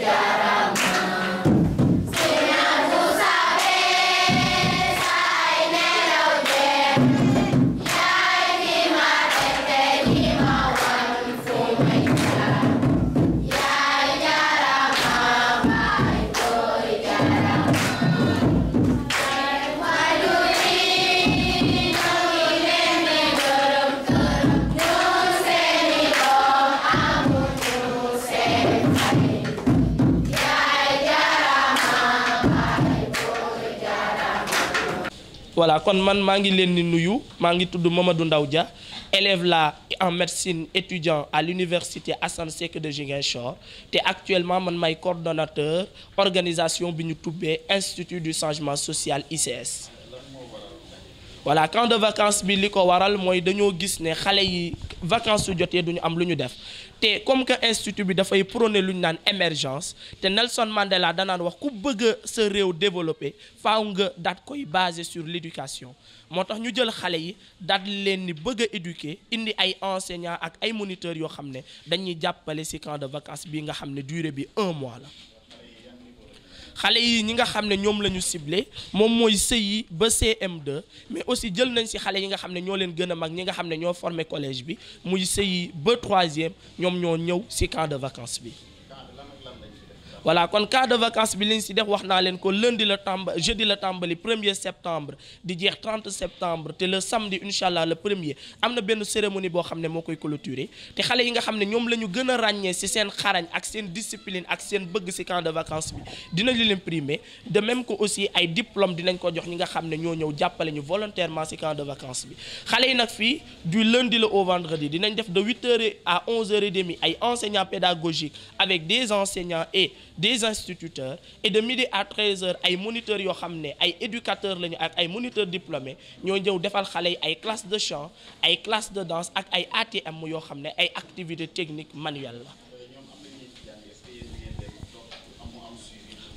Jaa voilà kon man maa ngi leen di nuyu maa ngi tudd du Ndaw ja élève la en médecine étudiant à l'université Assane Seck de Ziguinchor te actuellement man may coordonnateur organisation bi ñu tubbee institut du changement social ICS voilà camp de vacances bi li ko waral mooy dañoo gis ne xale yi vacances su jotee du ñu am lu ñu def te comme que institut bi dafay prôné lu ñu naan émergence te Nelson Mandela danaan wax ku bëgg a sa réew développé faw nga daat koy basé sur l'éducation moo tax ñu jël xale yi daat leen ni bëgg a éduquer indi ay enseignants ak ay moniteurs yoo xam ne dañuy jàppale ci camp de vacances bi nga xam ne dure bi un mois la xale yi ñi nga xam ne ñoom la ñu ciblé moom mooy CI ba cm mais aussi jël nañ si xale yi nga xam ne ñoo leen gën a mag ñi nga xam ne ñoo formé collège bi muy CI ba troisième ñoom ñoo ñëw si camp de vacance bi voilà kon cas de vacances bi liñ si def wax naa leen ko lundi la tàmba jeudi la tàmbali premier septembre di jeex 30 septembre te le samedi incha allah le premier am na benn cérémonie boo xam ne moo koy clôturer te xale yi nga xam ne ñoom la ñu gën a ràññee si seen xarañ ak seen discipline ak seen bëgg si camp de vacances bi dinañ leen primer de même que aussi ay diplôme dinañ ko jox ñi nga xam ne ñoo ñëw jàppale ñu volontairement si camp de bi xale yi nag fii du lundi la dinañ def de 8 heures à 11 heures et demie ay enseignants pédagogiques avec des enseignants et des instituteurs et de midi à 13h ay moniteurs yoo xam ne ay éducateurs lañu ak ay moniteurs diplômés ñoo ñëw defal xale yi ay classes de chant ay classes de danse ak ay ATM yoo xam ne ay activités techniques manuelles la.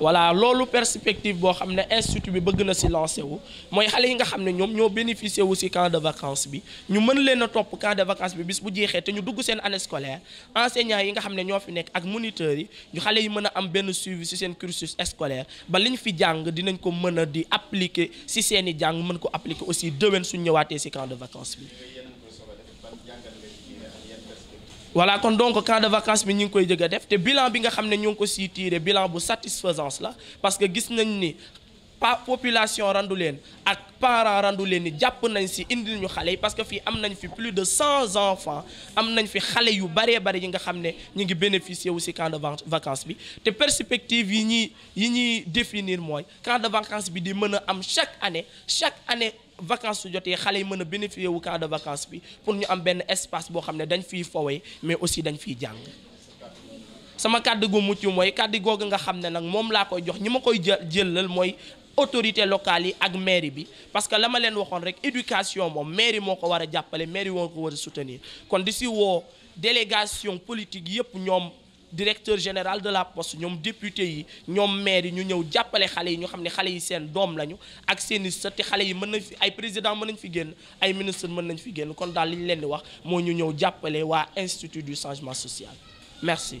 voilà loolu perspective boo xam ne institut bi bëgg na si lancer wu mooy xale yi nga xam ne ñoom ñoo bénéficier wu si camp de vacance bi ñu mën leen a topp camp de vacances bi bis bu jeexee te ñu dugg seen année scolaire enseignants yi nga xam ne ñoo fi nekk ak moniteurs yi ñu xale yi mën a am benn suivi si seen cursus scolaire ba liñ fi jàng dinañ ko mën a di appliquer si seen i jàng mën ko appliquer aussi déwén suñ ñëwaatee si camp de vacances bi voilà kon donc camp de vacances bi ñu ngi koy jëg a def te bilan bi nga xam ne ñu ngi ko siy tiré bilan bu satisfaisance la parce que gis nañ ni pa population randu leen ak parent randu leen ni jàpp nañ si indi ñu xale yi parce que fii am nañ fi plus de cent enfants am nañ fi xale yu baree bari yi nga xam ne ñu ngi bénéficier wu si camp de vacances bi te perspective yi ñuy yi ñuy définir mooy camp de vacances bi di mën a am chaque année chaque année vacances su jotee xale yi mën a bénéficier wu camp de bi pour ñu am benn espace boo xam ne dañ fiy fowee mais aussi dañ fiy jàng sama kàddu gu mucc mooy kàddu googu nga xam ne nag moom laa koy jox ñi ma koy jëlal mooy autorité locale yi ak mairie bi parce que la ma leen waxoon rek éducation moom mairie moo ko war a jàppale mairie moo ko war a soutenir kon di si woo délégation politique yëpp ñoom directeur général de la poste ñoom député yi ñoom maire yi ñu ñëw jàppale xale yi ñu xam ne xale yi seen doom lañu ak seen i sët te xale yi mën nañ fi ay président mën nañ fi génn ay ministre mën nañ fi génn kon daal li ñu leen di wax moo ñu ñëw jàppale waa institut du changement social merci